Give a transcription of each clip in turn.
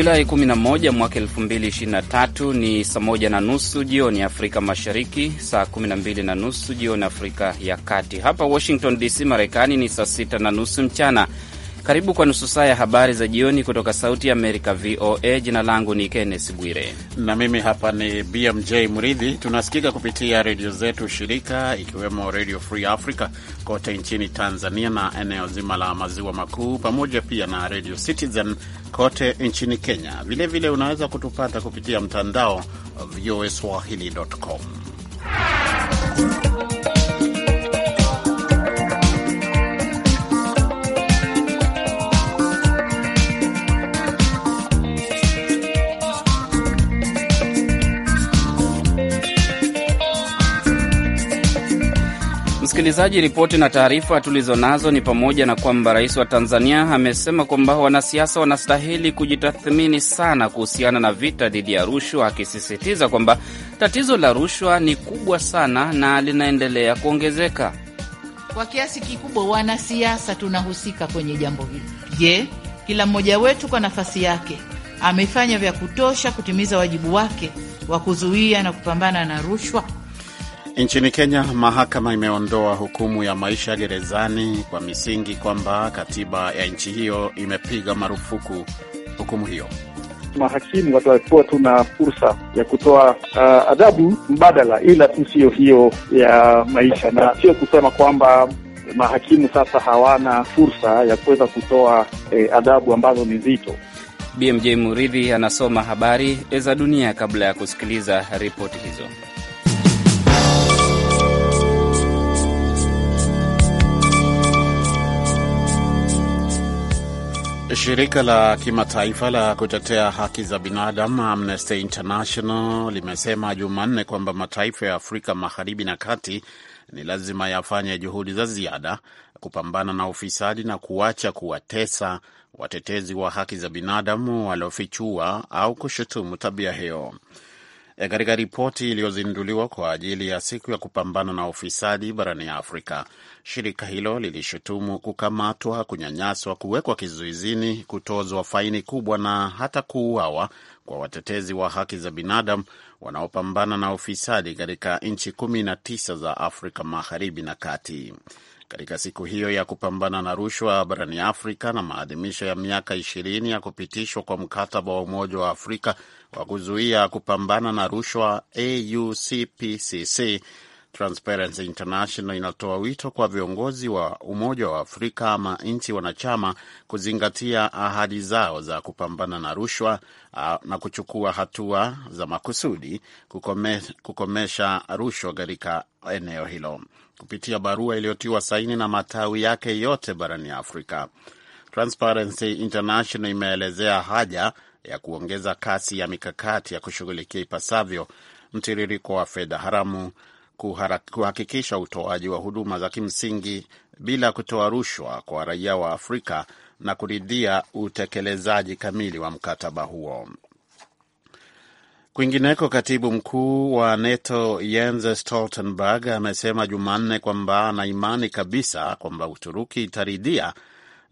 Julai 11 mwaka 2023 ni saa moja na nusu jioni Afrika Mashariki, saa 12 na nusu jioni Afrika ya Kati. Hapa Washington DC, Marekani ni saa sita na nusu mchana. Karibu kwa nusu saa ya habari za jioni kutoka Sauti ya Amerika, VOA. Jina langu ni kennes Bwire na mimi hapa ni BMJ Mridhi. Tunasikika kupitia redio zetu shirika, ikiwemo Redio Free Africa kote nchini Tanzania na eneo zima la maziwa makuu, pamoja pia na Redio Citizen kote nchini Kenya. Vilevile vile unaweza kutupata kupitia mtandao swahili.com. Msikilizaji, ripoti na taarifa tulizonazo ni pamoja na kwamba rais wa Tanzania amesema kwamba wanasiasa wanastahili kujitathmini sana kuhusiana na vita dhidi ya rushwa, akisisitiza kwamba tatizo la rushwa ni kubwa sana na linaendelea kuongezeka. Kwa kiasi kikubwa wanasiasa tunahusika kwenye jambo hili. Je, kila mmoja wetu kwa nafasi yake amefanya vya kutosha kutimiza wajibu wake wa kuzuia na kupambana na rushwa? Nchini Kenya, mahakama imeondoa hukumu ya maisha gerezani kwa misingi kwamba katiba ya nchi hiyo imepiga marufuku hukumu hiyo. Mahakimu watakuwa tuna fursa ya kutoa uh, adhabu mbadala, ila tu sio hiyo ya maisha, na sio kusema kwamba mahakimu sasa hawana fursa ya kuweza kutoa eh, adhabu ambazo ni nzito. BMJ Muridhi anasoma habari za dunia kabla ya kusikiliza ripoti hizo. Shirika la kimataifa la kutetea haki za binadamu Amnesty International limesema Jumanne kwamba mataifa ya Afrika Magharibi na Kati ni lazima yafanye juhudi za ziada kupambana na ufisadi na kuacha kuwatesa watetezi wa haki za binadamu waliofichua au kushutumu tabia hiyo. E, katika ripoti iliyozinduliwa kwa ajili ya siku ya kupambana na ufisadi barani Afrika. Shirika hilo lilishutumu kukamatwa, kunyanyaswa, kuwekwa kizuizini, kutozwa faini kubwa na hata kuuawa kwa watetezi wa haki za binadamu wanaopambana na ufisadi katika nchi 19 za Afrika magharibi na kati katika siku hiyo ya kupambana na rushwa barani Afrika na maadhimisho ya miaka ishirini ya kupitishwa kwa mkataba wa Umoja wa Afrika wa kuzuia kupambana na rushwa AUCPCC Transparency International inatoa wito kwa viongozi wa Umoja wa Afrika ama nchi wanachama kuzingatia ahadi zao za kupambana na rushwa na kuchukua hatua za makusudi kukome, kukomesha rushwa katika eneo hilo kupitia barua iliyotiwa saini na matawi yake yote barani Afrika. Transparency International imeelezea haja ya kuongeza kasi ya mikakati ya kushughulikia ipasavyo mtiririko wa fedha haramu kuhakikisha utoaji wa huduma za kimsingi bila kutoa rushwa kwa raia wa Afrika na kuridhia utekelezaji kamili wa mkataba huo. Kwingineko, katibu mkuu wa NATO Jens Stoltenberg amesema Jumanne kwamba ana imani kabisa kwamba Uturuki itaridhia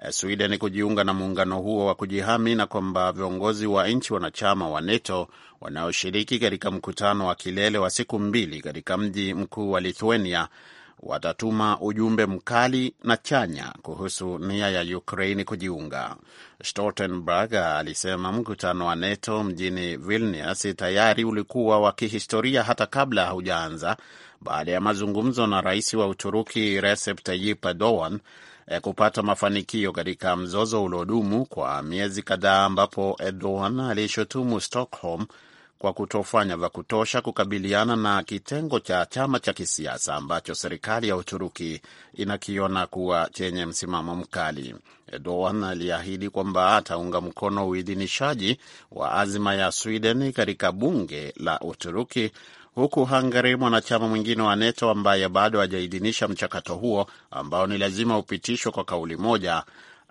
Eh, Sweden kujiunga na muungano huo wa kujihami na kwamba viongozi wa nchi wanachama wa NATO wanaoshiriki katika mkutano wa kilele wa siku mbili katika mji mkuu wa Lithuania watatuma ujumbe mkali na chanya kuhusu nia ya Ukraini kujiunga. Stoltenberg alisema mkutano wa NATO mjini Vilnius tayari ulikuwa wa kihistoria hata kabla haujaanza, baada ya mazungumzo na rais wa Uturuki Recep Tayyip Erdogan Eh, kupata mafanikio katika mzozo uliodumu kwa miezi kadhaa, ambapo Erdogan alishutumu Stockholm kwa kutofanya vya kutosha kukabiliana na kitengo cha chama cha kisiasa ambacho serikali ya Uturuki inakiona kuwa chenye msimamo mkali. Erdogan aliahidi kwamba ataunga mkono uidhinishaji wa azima ya Sweden katika bunge la Uturuki huku Hungary, mwanachama mwingine wa NATO ambaye bado hajaidhinisha mchakato huo ambao ni lazima upitishwe kwa kauli moja,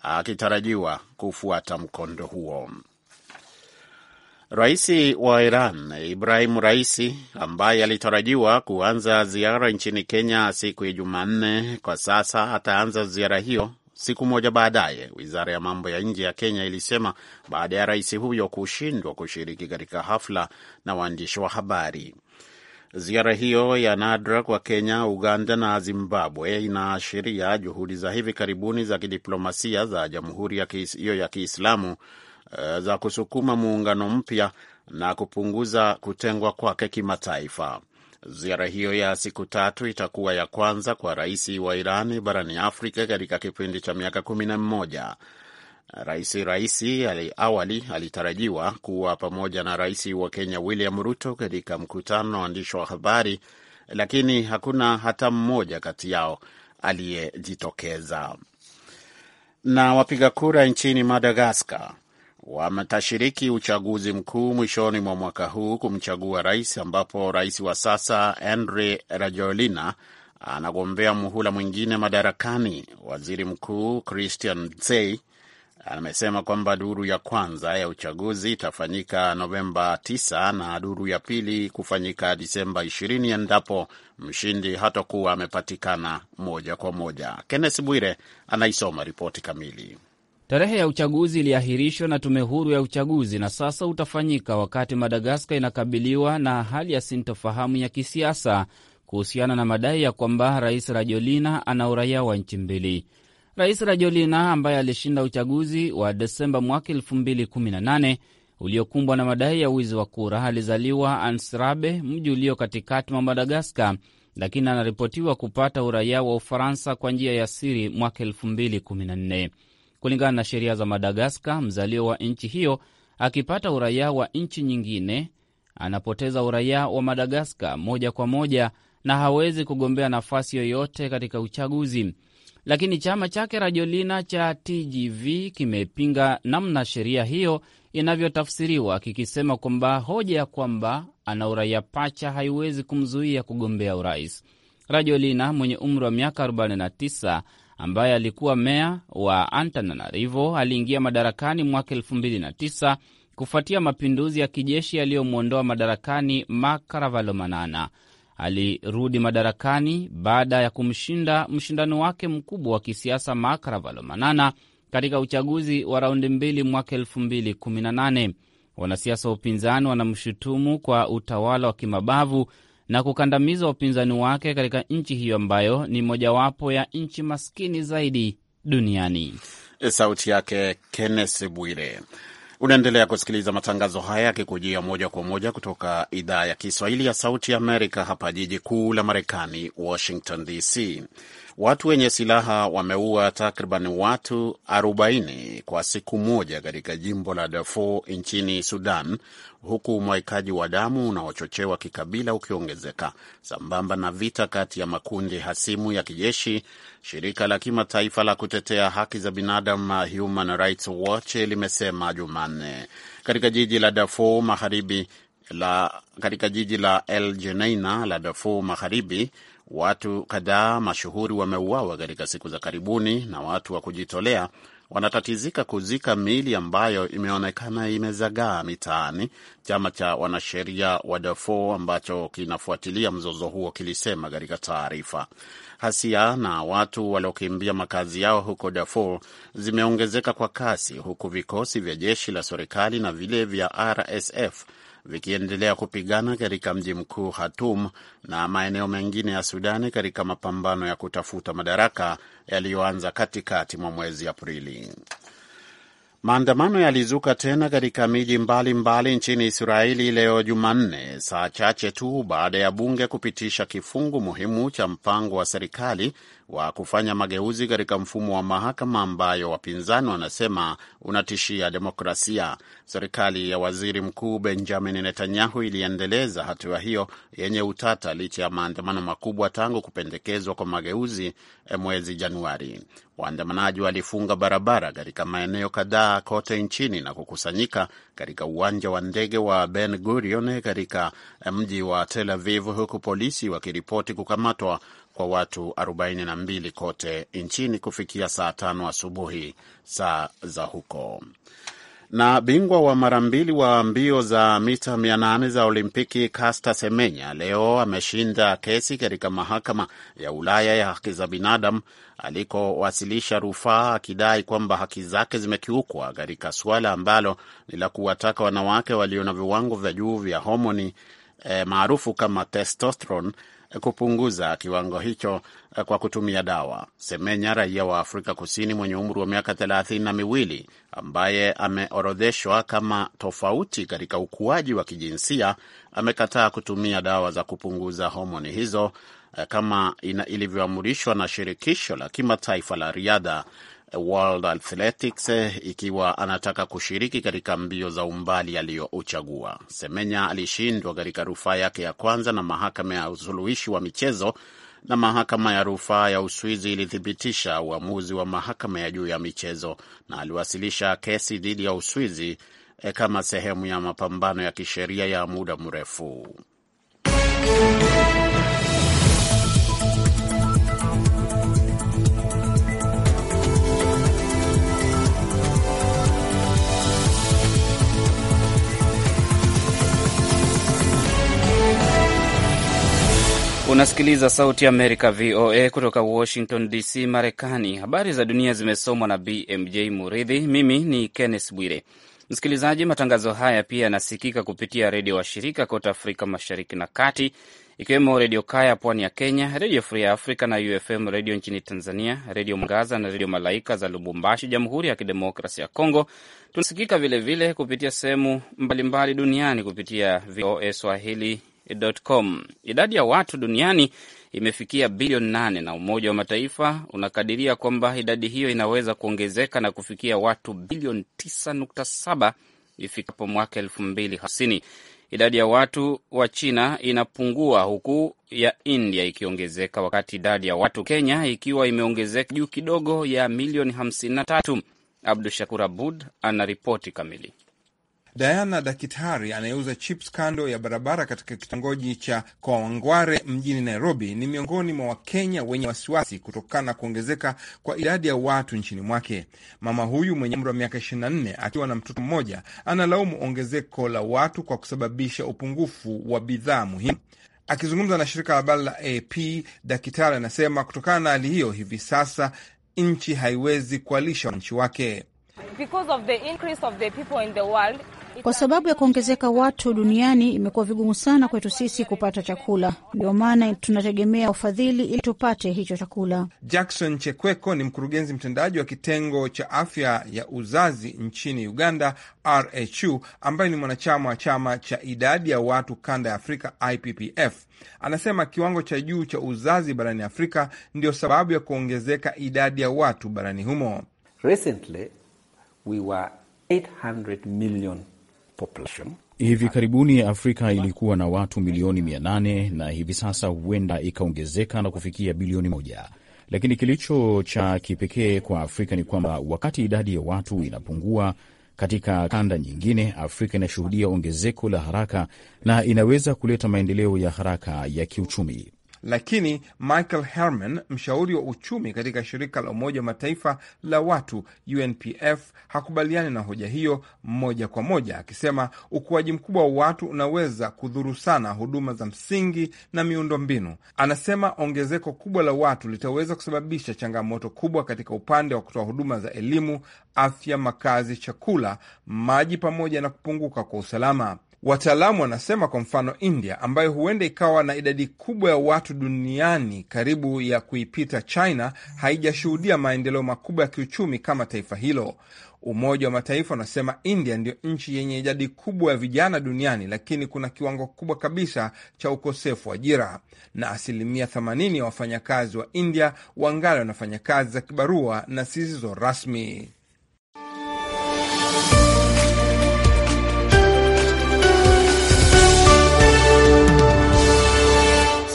akitarajiwa kufuata mkondo huo. Raisi wa Iran Ibrahim Raisi, ambaye alitarajiwa kuanza ziara nchini Kenya siku ya Jumanne, kwa sasa ataanza ziara hiyo siku moja baadaye, wizara ya mambo ya nje ya Kenya ilisema baada ya rais huyo kushindwa kushiriki katika hafla na waandishi wa habari. Ziara hiyo ya nadra kwa Kenya, Uganda na Zimbabwe inaashiria juhudi za hivi karibuni za kidiplomasia za jamhuri hiyo ya Kiislamu eh, za kusukuma muungano mpya na kupunguza kutengwa kwake kimataifa. Ziara hiyo ya siku tatu itakuwa ya kwanza kwa rais wa Irani barani Afrika katika kipindi cha miaka kumi na mmoja. Rais Raisi ali, awali alitarajiwa kuwa pamoja na rais wa Kenya William Ruto katika mkutano wa waandishi wa habari, lakini hakuna hata mmoja kati yao aliyejitokeza. Na wapiga kura nchini Madagaskar watashiriki uchaguzi mkuu mwishoni mwa mwaka huu kumchagua rais, ambapo rais wa sasa Andry Rajoelina anagombea muhula mwingine madarakani. Waziri Mkuu Christian Tsey amesema kwamba duru ya kwanza ya uchaguzi itafanyika Novemba 9 na duru ya pili kufanyika Disemba 20 endapo mshindi hatakuwa amepatikana moja kwa moja. kennes Bwire anaisoma ripoti kamili. Tarehe ya uchaguzi iliahirishwa na tume huru ya uchaguzi na sasa utafanyika wakati Madagaskar inakabiliwa na hali ya sintofahamu ya kisiasa kuhusiana na madai ya kwamba Rais Rajolina ana uraia wa nchi mbili. Rais Rajolina ambaye alishinda uchaguzi wa Desemba mwaka 2018 uliokumbwa na madai ya wizi wa kura alizaliwa Ansrabe, mji ulio katikati mwa Madagaskar, lakini anaripotiwa kupata uraia wa Ufaransa kwa njia ya siri mwaka 2014. Kulingana na sheria za Madagaskar, mzalio wa nchi hiyo akipata uraia wa nchi nyingine anapoteza uraia wa Madagaskar moja kwa moja na hawezi kugombea nafasi yoyote katika uchaguzi lakini chama chake Rajolina cha TGV kimepinga namna sheria hiyo inavyotafsiriwa kikisema kwamba hoja ya kwamba ana uraia pacha haiwezi kumzuia kugombea urais. Rajolina mwenye umri wa miaka 49 ambaye alikuwa meya wa Antananarivo aliingia madarakani mwaka 2009 kufuatia mapinduzi ya kijeshi yaliyomwondoa madarakani makaravalomanana Ravalomanana alirudi madarakani baada ya kumshinda mshindani wake mkubwa wa kisiasa Marc Ravalomanana katika uchaguzi wa raundi mbili mwaka elfu mbili kumi na nane. Wanasiasa wa upinzani wanamshutumu kwa utawala wa kimabavu na kukandamiza wapinzani wake katika nchi hiyo ambayo ni mojawapo ya nchi maskini zaidi duniani. Sauti yake Kenneth Bwire. Unaendelea kusikiliza matangazo haya yakikujia moja kwa moja kutoka idhaa ya Kiswahili ya Sauti ya Amerika, hapa jiji kuu la Marekani, Washington DC. Watu wenye silaha wameua takriban watu 40 kwa siku moja katika jimbo la Darfur nchini Sudan, huku umwaikaji wa damu unaochochewa kikabila ukiongezeka sambamba na vita kati ya makundi hasimu ya kijeshi. Shirika la kimataifa la kutetea haki za binadamu Human Rights Watch limesema Jumanne katika jiji la Darfur magharibi la katika jiji la El Jeneina la Darfur magharibi Watu kadhaa mashuhuri wameuawa katika siku za karibuni na watu wa kujitolea wanatatizika kuzika miili ambayo imeonekana imezagaa mitaani. Chama cha wanasheria wa Darfur ambacho kinafuatilia mzozo huo kilisema katika taarifa, hasia na watu waliokimbia makazi yao huko Darfur zimeongezeka kwa kasi, huku vikosi vya jeshi la serikali na vile vya RSF vikiendelea kupigana katika mji mkuu Khartoum na maeneo mengine ya Sudani katika mapambano ya kutafuta madaraka yaliyoanza katikati mwa mwezi Aprili. Maandamano yalizuka tena katika miji mbalimbali nchini Israeli leo Jumanne, saa chache tu baada ya bunge kupitisha kifungu muhimu cha mpango wa serikali wa kufanya mageuzi katika mfumo wa mahakama ambayo wapinzani wanasema unatishia demokrasia. Serikali ya waziri mkuu Benjamin Netanyahu iliendeleza hatua hiyo yenye utata licha ya maandamano makubwa tangu kupendekezwa kwa mageuzi eh, mwezi Januari. Waandamanaji walifunga barabara katika maeneo kadhaa kote nchini na kukusanyika katika uwanja wa ndege wa Ben Gurion katika eh, mji wa Tel Aviv, huku polisi wakiripoti kukamatwa kwa watu 42 kote nchini kufikia saa tano asubuhi saa za huko. Na bingwa wa mara mbili wa mbio za mita 800 za Olimpiki Caster Semenya leo ameshinda kesi katika mahakama ya Ulaya ya haki za binadamu alikowasilisha rufaa akidai kwamba haki zake zimekiukwa katika suala ambalo ni la kuwataka wanawake walio na viwango vya juu vya homoni e, maarufu kama testosterone e, kupunguza kiwango hicho e, kwa kutumia dawa. Semenya, raia wa Afrika Kusini mwenye umri wa miaka thelathini na miwili, ambaye ameorodheshwa kama tofauti katika ukuaji wa kijinsia, amekataa kutumia dawa za kupunguza homoni hizo e, kama ilivyoamrishwa na shirikisho la kimataifa la riadha World Athletics eh, ikiwa anataka kushiriki katika mbio za umbali aliyouchagua. Semenya alishindwa katika rufaa yake ya kwanza na mahakama ya usuluhishi wa michezo, na mahakama ya rufaa ya Uswizi ilithibitisha uamuzi wa mahakama ya juu ya michezo, na aliwasilisha kesi dhidi ya Uswizi eh, kama sehemu ya mapambano ya kisheria ya muda mrefu Unasikiliza Sauti ya Amerika, VOA, kutoka Washington DC, Marekani. Habari za dunia zimesomwa na BMJ Muridhi. Mimi ni Kenneth Bwire. Msikilizaji, matangazo haya pia yanasikika kupitia redio washirika kote Afrika Mashariki na Kati, ikiwemo Redio Kaya pwani ya Kenya, Redio Free ya Afrika na UFM Redio nchini Tanzania, Redio Mgaza na Redio Malaika za Lubumbashi, Jamhuri ya Kidemokrasi ya congo Tunasikika vilevile kupitia sehemu mbalimbali duniani kupitia VOA Swahili com. Idadi ya watu duniani imefikia bilioni nane na Umoja wa Mataifa unakadiria kwamba idadi hiyo inaweza kuongezeka na kufikia watu bilioni 9.7 ifikapo mwaka 2050. Idadi ya watu wa China inapungua huku ya India ikiongezeka, wakati idadi ya watu Kenya ikiwa imeongezeka juu kidogo ya milioni 53. Abdu Shakur Abud anaripoti kamili. Diana, dakitari anayeuza chips kando ya barabara katika kitongoji cha Kawangware mjini Nairobi, ni miongoni mwa Wakenya wenye wasiwasi kutokana na kuongezeka kwa idadi ya watu nchini mwake. Mama huyu mwenye umri wa miaka 24 akiwa na mtoto mmoja analaumu ongezeko la watu kwa kusababisha upungufu wa bidhaa muhimu. Akizungumza na shirika la habari la AP, Dakitari anasema kutokana na hali hiyo, hivi sasa nchi haiwezi kualisha wananchi wake. Kwa sababu ya kuongezeka watu duniani, imekuwa vigumu sana kwetu sisi kupata chakula. Ndio maana tunategemea ufadhili ili tupate hicho chakula. Jackson Chekweko ni mkurugenzi mtendaji wa kitengo cha afya ya uzazi nchini Uganda, RHU, ambaye ni mwanachama wa chama cha idadi ya watu kanda ya Afrika, IPPF. Anasema kiwango cha juu cha uzazi barani Afrika ndio sababu ya kuongezeka idadi ya watu barani humo. Recently, we were 800 million population. Hivi karibuni Afrika ilikuwa na watu milioni 800 na hivi sasa huenda ikaongezeka na kufikia bilioni moja. Lakini kilicho cha kipekee kwa Afrika ni kwamba wakati idadi ya watu inapungua katika kanda nyingine, Afrika inashuhudia ongezeko la haraka na inaweza kuleta maendeleo ya haraka ya kiuchumi. Lakini Michael Herman, mshauri wa uchumi katika shirika la Umoja wa Mataifa la watu UNPF, hakubaliani na hoja hiyo moja kwa moja, akisema ukuaji mkubwa wa watu unaweza kudhuru sana huduma za msingi na miundo mbinu Anasema ongezeko kubwa la watu litaweza kusababisha changamoto kubwa katika upande wa kutoa huduma za elimu, afya, makazi, chakula, maji pamoja na kupunguka kwa usalama. Wataalamu wanasema kwa mfano, India ambayo huenda ikawa na idadi kubwa ya watu duniani karibu ya kuipita China, haijashuhudia maendeleo makubwa ya kiuchumi kama taifa hilo. Umoja wa Mataifa unasema India ndiyo nchi yenye idadi kubwa ya vijana duniani, lakini kuna kiwango kubwa kabisa cha ukosefu wa ajira, na asilimia 80 ya wafanyakazi wa India wangali wanafanya kazi za kibarua na zisizo rasmi.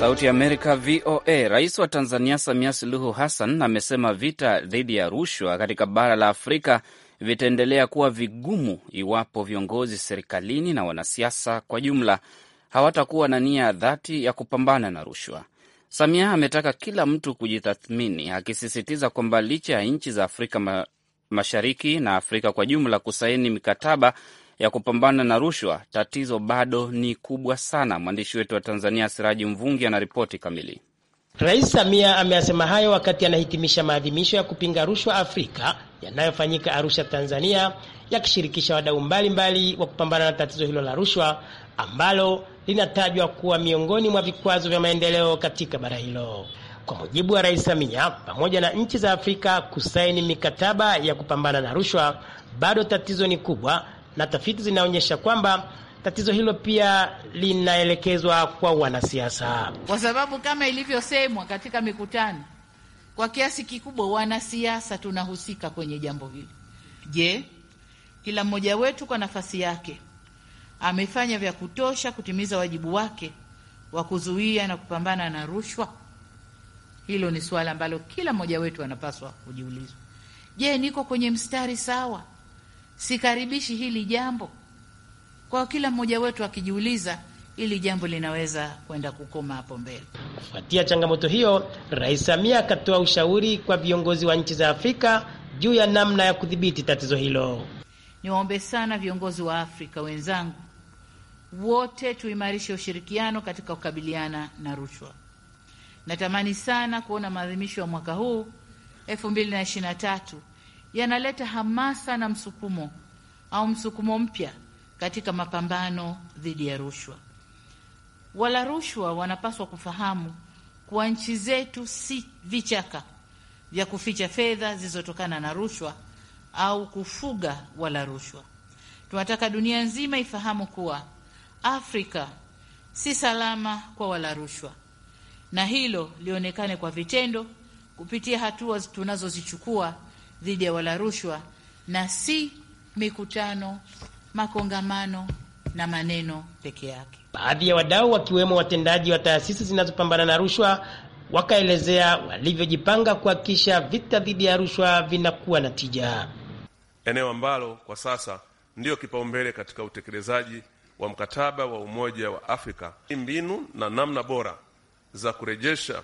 Sauti ya Amerika, VOA. Rais wa Tanzania Samia Suluhu Hassan amesema vita dhidi ya rushwa katika bara la Afrika vitaendelea kuwa vigumu iwapo viongozi serikalini na wanasiasa kwa jumla hawatakuwa na nia ya dhati ya kupambana na rushwa. Samia ametaka kila mtu kujitathmini, akisisitiza kwamba licha ya nchi za Afrika Mashariki na Afrika kwa jumla kusaini mikataba ya kupambana na rushwa, tatizo bado ni kubwa sana. Mwandishi wetu wa Tanzania Siraji Mvungi anaripoti kamili. Rais Samia ameyasema hayo wakati anahitimisha maadhimisho ya kupinga rushwa Afrika yanayofanyika Arusha, Tanzania, yakishirikisha wadau mbalimbali wa kupambana na tatizo hilo la rushwa ambalo linatajwa kuwa miongoni mwa vikwazo vya maendeleo katika bara hilo. Kwa mujibu wa Rais Samia, pamoja na nchi za Afrika kusaini mikataba ya kupambana na rushwa, bado tatizo ni kubwa na tafiti zinaonyesha kwamba tatizo hilo pia linaelekezwa kwa wanasiasa, kwa sababu kama ilivyosemwa katika mikutano, kwa kiasi kikubwa wanasiasa tunahusika kwenye jambo hili. Je, kila mmoja wetu kwa nafasi yake amefanya vya kutosha kutimiza wajibu wake wa kuzuia na kupambana na rushwa? Hilo ni suala ambalo kila mmoja wetu anapaswa kujiulizwa Je, niko kwenye mstari sawa? sikaribishi hili jambo? Kwa kila mmoja wetu akijiuliza ili jambo linaweza kwenda kukoma hapo mbele. Kufuatia changamoto hiyo, Rais Samia akatoa ushauri kwa viongozi wa nchi za Afrika juu ya namna ya kudhibiti tatizo hilo. Niwaombe sana viongozi wa Afrika wenzangu, wote tuimarishe ushirikiano katika kukabiliana na rushwa. Natamani sana kuona maadhimisho ya mwaka huu tatu yanaleta hamasa na msukumo au msukumo mpya katika mapambano dhidi ya rushwa. Wala rushwa wanapaswa kufahamu kuwa nchi zetu si vichaka vya kuficha fedha zilizotokana na rushwa au kufuga wala rushwa. Tunataka dunia nzima ifahamu kuwa Afrika si salama kwa wala rushwa, na hilo lionekane kwa vitendo kupitia hatua tunazozichukua dhidi ya wala rushwa, na si mikutano, makongamano na maneno peke yake. Baadhi ya wadau wakiwemo watendaji wa taasisi zinazopambana na rushwa wakaelezea walivyojipanga kuhakikisha vita dhidi ya rushwa vinakuwa na tija, eneo ambalo kwa sasa ndiyo kipaumbele katika utekelezaji wa mkataba wa Umoja wa Afrika, mbinu na namna bora za kurejesha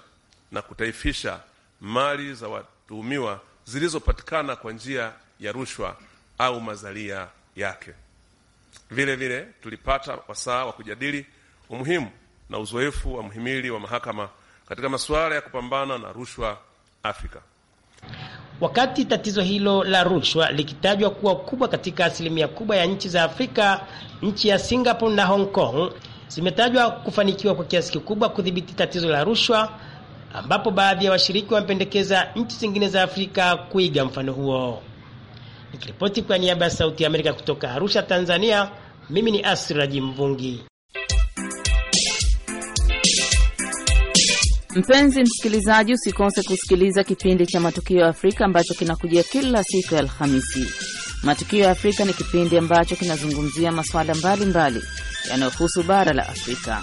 na kutaifisha mali za watuhumiwa zilizopatikana kwa njia ya rushwa au mazalia yake. Vile vile tulipata wasaa wa kujadili umuhimu na uzoefu wa mhimili wa mahakama katika masuala ya kupambana na rushwa Afrika. Wakati tatizo hilo la rushwa likitajwa kuwa kubwa katika asilimia kubwa ya nchi za Afrika, nchi ya Singapore na Hong Kong zimetajwa kufanikiwa kwa kiasi kikubwa kudhibiti tatizo la rushwa ambapo baadhi ya washiriki wamependekeza nchi zingine za Afrika kuiga mfano huo. Nikiripoti kwa niaba ya Sauti ya Amerika kutoka Arusha, Tanzania, mimi ni Asraji Mvungi. Mpenzi msikilizaji, usikose kusikiliza kipindi cha Matukio ya Afrika ambacho kinakujia kila siku ya Alhamisi. Matukio ya Afrika ni kipindi ambacho kinazungumzia masuala mbalimbali yanayohusu bara la Afrika.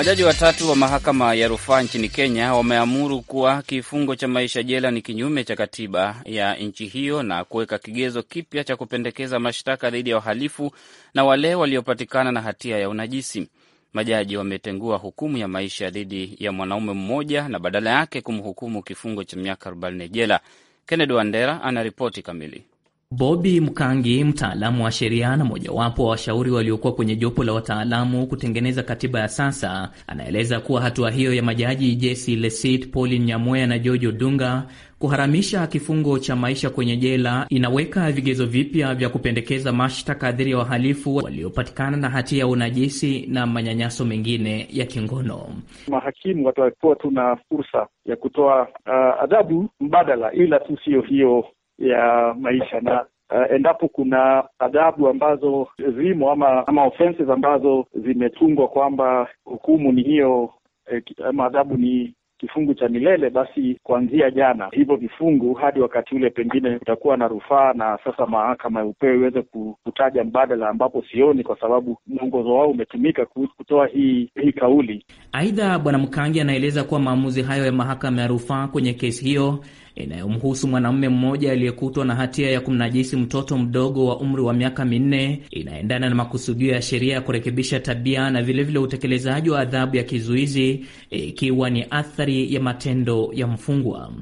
Majaji watatu wa mahakama ya rufaa nchini Kenya wameamuru kuwa kifungo cha maisha jela ni kinyume cha katiba ya nchi hiyo na kuweka kigezo kipya cha kupendekeza mashtaka dhidi ya wahalifu na wale waliopatikana na hatia ya unajisi. Majaji wametengua hukumu ya maisha dhidi ya mwanaume mmoja na badala yake kumhukumu kifungo cha miaka 40 jela. Kennedy Wandera anaripoti kamili. Bobi Mkangi, mtaalamu wa sheria na mojawapo wa washauri waliokuwa kwenye jopo la wataalamu kutengeneza katiba ya sasa, anaeleza kuwa hatua hiyo ya majaji Jesi Lesit, Paulin Nyamwea na George Odunga kuharamisha kifungo cha maisha kwenye jela inaweka vigezo vipya vya kupendekeza mashtaka dhidi ya wahalifu waliopatikana na hatia ya unajisi na manyanyaso mengine ya kingono. Mahakimu watakuwa tuna fursa ya kutoa uh, adhabu mbadala, ila tu siyo hiyo ya maisha na Uh, endapo kuna adhabu ambazo zimo ama ama offenses ambazo zimetungwa kwamba hukumu ni hiyo eh, ama adhabu ni kifungu cha milele, basi kuanzia jana hivyo vifungu hadi wakati ule pengine utakuwa na rufaa, na sasa mahakama ya upeo iweze kutaja mbadala, ambapo sioni kwa sababu mwongozo wao umetumika kutoa hii hii kauli. Aidha, Bwana Mkangi anaeleza kuwa maamuzi hayo ya mahakama ya rufaa kwenye kesi hiyo inayomhusu mwanamume mmoja aliyekutwa na hatia ya kumnajisi mtoto mdogo wa umri wa miaka minne inaendana na makusudio ya sheria ya kurekebisha tabia na vilevile utekelezaji wa adhabu ya kizuizi ikiwa e, ni athari ya matendo ya mfungwa.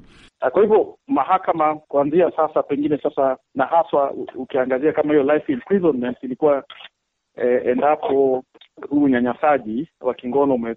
Ah, kwa hivyo mahakama kuanzia sasa, pengine sasa, na haswa ukiangazia kama hiyo life imprisonment ilikuwa eh, endapo huu unyanyasaji wa kingono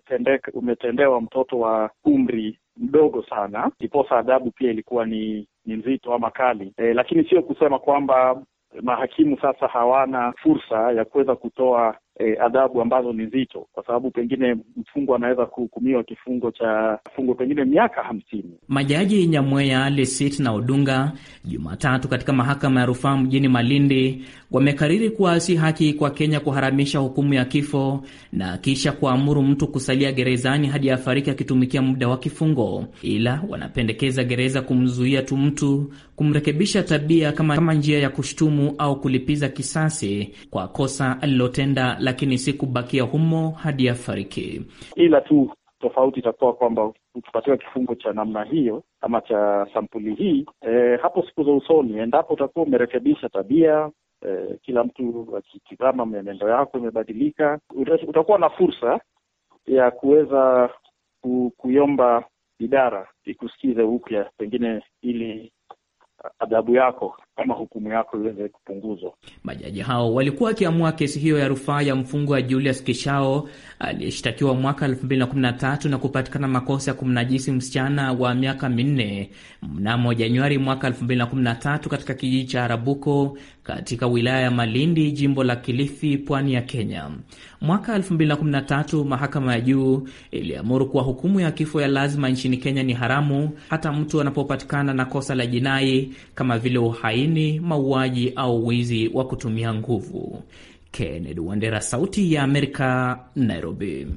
umetendewa mtoto wa umri mdogo sana, ndiposa adhabu pia ilikuwa ni ni nzito ama kali e, lakini sio kusema kwamba mahakimu sasa hawana fursa ya kuweza kutoa e, adhabu ambazo ni nzito, kwa sababu pengine mfungwa anaweza kuhukumiwa kifungo cha fungo pengine miaka hamsini. Majaji Nyamweya, Lesit na Odunga Jumatatu katika mahakama ya rufaa mjini Malindi wamekariri kuwa si haki kwa Kenya kuharamisha hukumu ya kifo na kisha kuamuru mtu kusalia gerezani hadi afariki akitumikia muda wa kifungo, ila wanapendekeza gereza kumzuia tu mtu kumrekebisha tabia kama, kama njia ya kushtumu au kulipiza kisasi kwa kosa alilotenda la lakini si kubakia humo hadi afariki. Ila tu tofauti itakuwa kwamba ukipatiwa kifungo cha namna hiyo ama cha sampuli hii e, hapo siku za usoni, endapo utakuwa umerekebisha tabia e, kila mtu akitizama mienendo yako imebadilika, utakuwa na fursa ya kuweza kuyomba idara ikusikize upya, pengine ili adhabu yako kama hukumu yako iweze kupunguzwa. Majaji hao walikuwa wakiamua kesi hiyo ya rufaa ya mfungwa wa Julius Kishao aliyeshtakiwa mwaka 2013 na kupatikana makosa ya kumnajisi msichana wa miaka minne mnamo Januari mwaka 2013 katika kijiji cha Arabuko katika wilaya ya Malindi, jimbo la Kilifi, pwani ya Kenya. Mwaka 2013 mahakama ya juu iliamuru kuwa hukumu ya kifo ya lazima nchini Kenya ni haramu hata mtu anapopatikana na kosa la jinai kama vile uhaini uhaini, mauaji au wizi wa kutumia nguvu. Kennedy Wandera, Sauti ya Amerika, Nairobi.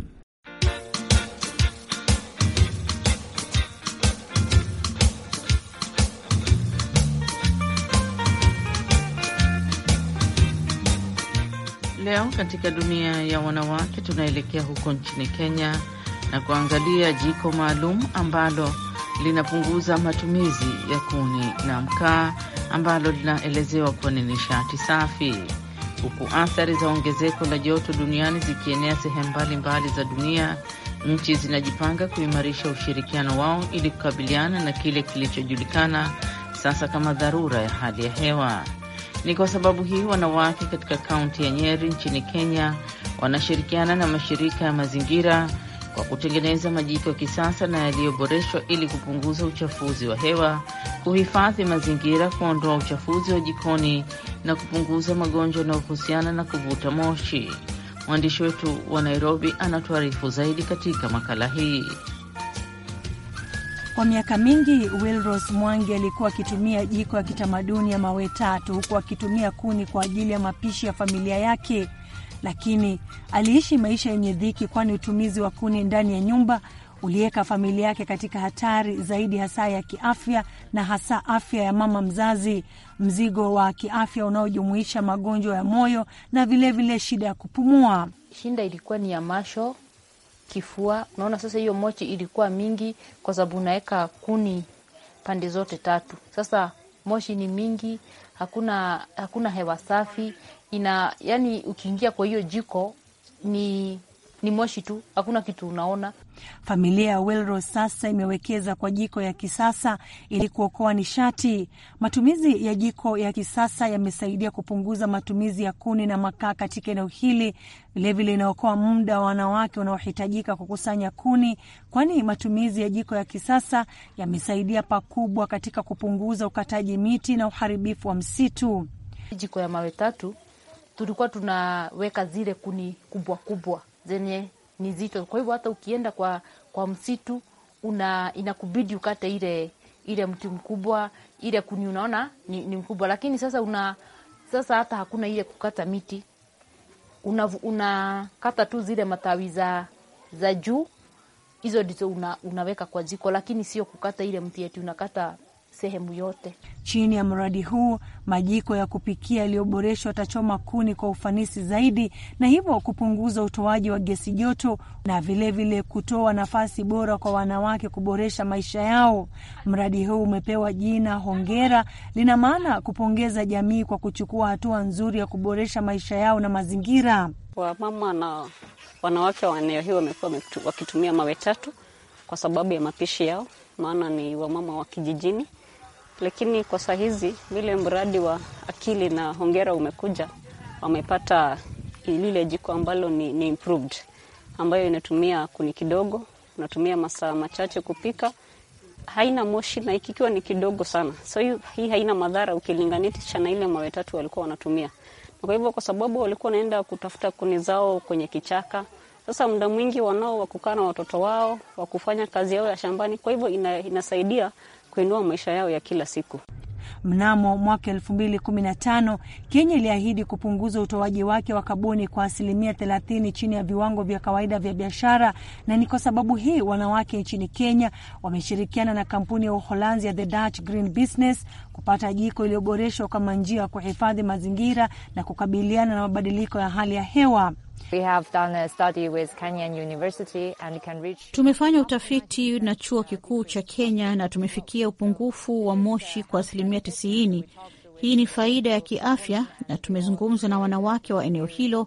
Leo katika dunia ya wanawake tunaelekea huko nchini Kenya na kuangalia jiko maalum ambalo linapunguza matumizi ya kuni na mkaa ambalo linaelezewa kuwa ni nishati safi, huku athari za ongezeko la joto duniani zikienea sehemu mbalimbali za dunia. Nchi zinajipanga kuimarisha ushirikiano wao ili kukabiliana na kile kilichojulikana sasa kama dharura ya hali ya hewa. Ni kwa sababu hii wanawake katika kaunti ya Nyeri nchini Kenya wanashirikiana na mashirika ya mazingira kwa kutengeneza majiko ya kisasa na yaliyoboreshwa ili kupunguza uchafuzi wa hewa, kuhifadhi mazingira, kuondoa uchafuzi wa jikoni na kupunguza magonjwa yanayohusiana na kuvuta moshi. Mwandishi wetu wa Nairobi anatuarifu zaidi katika makala hii. Kwa miaka mingi wilros Mwangi alikuwa akitumia jiko ya kitamaduni ya mawe tatu huku akitumia kuni kwa ajili ya mapishi ya familia yake lakini aliishi maisha yenye dhiki, kwani utumizi wa kuni ndani ya nyumba uliweka familia yake katika hatari zaidi, hasa ya kiafya na hasa afya ya mama mzazi, mzigo wa kiafya unaojumuisha magonjwa ya moyo na vilevile vile shida ya kupumua. Shinda ilikuwa ni ya masho, kifua. Unaona sasa, hiyo mochi ilikuwa mingi kwa sababu unaweka kuni pande zote tatu. Sasa moshi ni mingi, hakuna, hakuna hewa safi ina yani, ukiingia kwa hiyo jiko ni ni moshi tu, hakuna kitu unaona. Familia ya Welros sasa imewekeza kwa jiko ya kisasa ili kuokoa nishati. Matumizi ya jiko ya kisasa yamesaidia kupunguza matumizi ya kuni na makaa katika eneo hili. Vilevile inaokoa muda wa wanawake unaohitajika kukusanya kuni, kwani matumizi ya jiko ya kisasa yamesaidia pakubwa katika kupunguza ukataji miti na uharibifu wa msitu. Jiko ya mawe tatu tulikuwa tunaweka zile kuni kubwa kubwa zenye ni zito. Kwa hivyo hata ukienda kwa, kwa msitu una inakubidi ukate ile ile mti mkubwa, ile kuni unaona ni, ni mkubwa, lakini sasa una sasa hata hakuna ile kukata miti, unakata una tu zile matawi za, za juu hizo ndizo una, unaweka kwa jiko, lakini sio kukata ile mti eti unakata sehemu yote. Chini ya mradi huu, majiko ya kupikia yaliyoboreshwa yatachoma kuni kwa ufanisi zaidi na hivyo kupunguza utoaji wa gesi joto na vilevile kutoa nafasi bora kwa wanawake kuboresha maisha yao. Mradi huu umepewa jina Hongera, lina maana kupongeza jamii kwa kuchukua hatua nzuri ya kuboresha maisha yao na mazingira. Wamama na wanawake wa eneo hii wamekuwa wakitumia mawe tatu kwa sababu ya mapishi yao, maana ni wamama wa kijijini lakini kwa saa hizi vile mradi wa akili na hongera umekuja, wamepata lile jiko ambalo ni, ni improved ambayo inatumia kuni kidogo, unatumia masaa machache kupika, haina moshi na ikikiwa ni kidogo sana, so hii haina madhara ukilinganisha na ile mawe tatu walikuwa wanatumia. kwa hivyo kwa sababu walikuwa wanaenda kutafuta kuni zao kwenye kichaka, sasa muda mwingi wanao wakukaa na watoto wao wakufanya kazi yao ya shambani, kwa hivyo ina, inasaidia kuinua maisha yao ya kila siku. Mnamo mwaka elfu mbili kumi na tano Kenya iliahidi kupunguza utoaji wake wa kaboni kwa asilimia thelathini chini ya viwango vya kawaida vya biashara, na ni kwa sababu hii wanawake nchini Kenya wameshirikiana na kampuni ya Uholanzi ya The Dutch Green Business kupata jiko iliyoboreshwa kama njia ya kuhifadhi mazingira na kukabiliana na mabadiliko ya hali ya hewa. Tumefanya utafiti na chuo kikuu cha Kenya na tumefikia upungufu wa moshi kwa asilimia 90. Hii ni faida ya kiafya, na tumezungumza na wanawake wa eneo hilo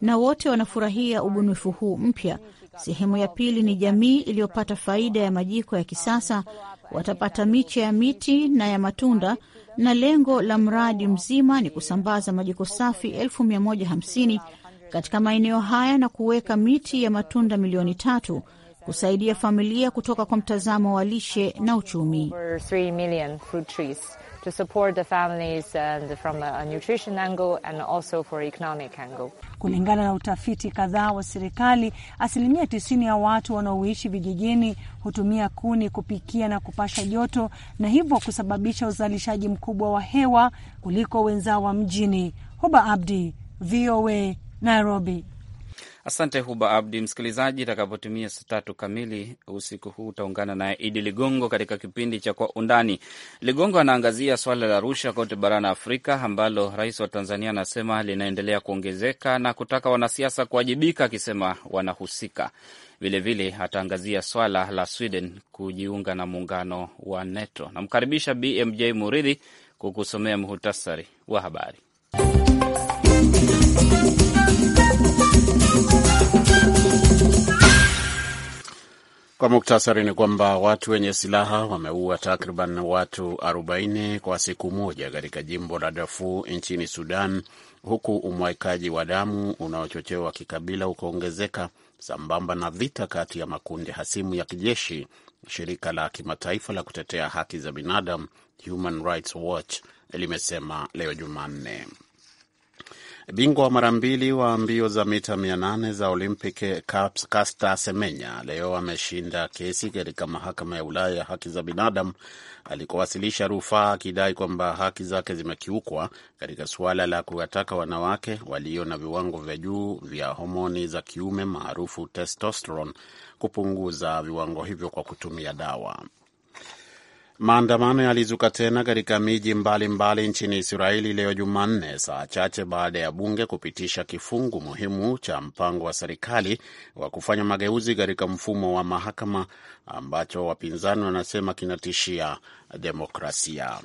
na wote wanafurahia ubunifu huu mpya. Sehemu ya pili ni jamii iliyopata faida ya majiko ya kisasa, watapata miche ya miti na ya matunda, na lengo la mradi mzima ni kusambaza majiko safi elfu mia moja hamsini katika maeneo haya na kuweka miti ya matunda milioni tatu kusaidia familia kutoka kwa mtazamo wa lishe na uchumi. Kulingana na utafiti kadhaa wa serikali, asilimia 90 ya watu wanaoishi vijijini hutumia kuni kupikia na kupasha joto, na hivyo kusababisha uzalishaji mkubwa wa hewa kuliko wenzao wa mjini. Huba Abdi, VOA Nairobi. Asante Huba Abdi. Msikilizaji, itakapotumia saa tatu kamili usiku huu utaungana naye Idi Ligongo katika kipindi cha Kwa Undani. Ligongo anaangazia swala la rushwa kote barani Afrika ambalo rais wa Tanzania anasema linaendelea kuongezeka na kutaka wanasiasa kuwajibika, akisema wanahusika. Vilevile ataangazia swala la Sweden kujiunga na muungano wa NATO. Namkaribisha BMJ Muridhi kukusomea muhutasari wa habari Kwa muktasari ni kwamba watu wenye silaha wameua takriban watu 40 kwa siku moja katika jimbo la Darfur nchini Sudan, huku umwaikaji wa damu unaochochewa kikabila ukoongezeka sambamba na vita kati ya makundi hasimu ya kijeshi, shirika la kimataifa la kutetea haki za binadamu Human Rights Watch limesema leo Jumanne. Bingwa wa mara mbili wa mbio za mita 800 za Olympic Caster Semenya leo ameshinda kesi katika mahakama ya Ulaya ya haki za binadamu alikowasilisha rufaa akidai kwamba haki zake zimekiukwa katika suala la kuwataka wanawake walio na viwango vya juu vya homoni za kiume maarufu testosterone kupunguza viwango hivyo kwa kutumia dawa. Maandamano yalizuka tena katika miji mbalimbali mbali nchini Israeli leo Jumanne, saa chache baada ya bunge kupitisha kifungu muhimu cha mpango wa serikali wa kufanya mageuzi katika mfumo wa mahakama ambacho wapinzani wanasema kinatishia demokrasia.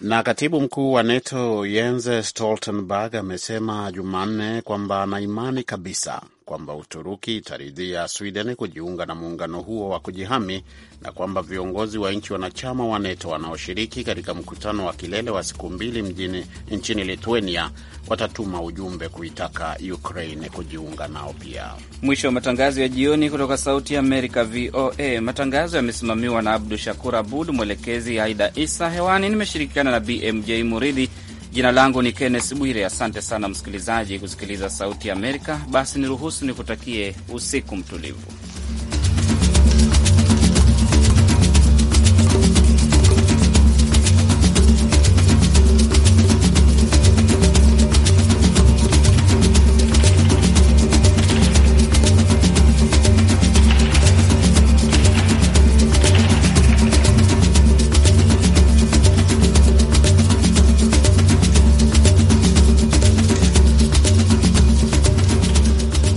Na katibu mkuu wa NATO Jens Stoltenberg amesema Jumanne kwamba ana imani kabisa kwamba Uturuki itaridhia Sweden kujiunga na muungano huo wa kujihami na kwamba viongozi wa nchi wanachama wa NATO wanaoshiriki katika mkutano wa kilele wa siku mbili mjini nchini Lithuania watatuma ujumbe kuitaka Ukraine kujiunga nao pia. Mwisho wa matangazo ya jioni kutoka Sauti ya Amerika, VOA. Matangazo yamesimamiwa na Abdu Shakur Abud, mwelekezi Aida Isa. Hewani nimeshirikiana na BMJ Muridhi. Jina langu ni Kenneth Bwire. Asante sana msikilizaji kusikiliza Sauti Amerika. Basi niruhusu nikutakie usiku mtulivu.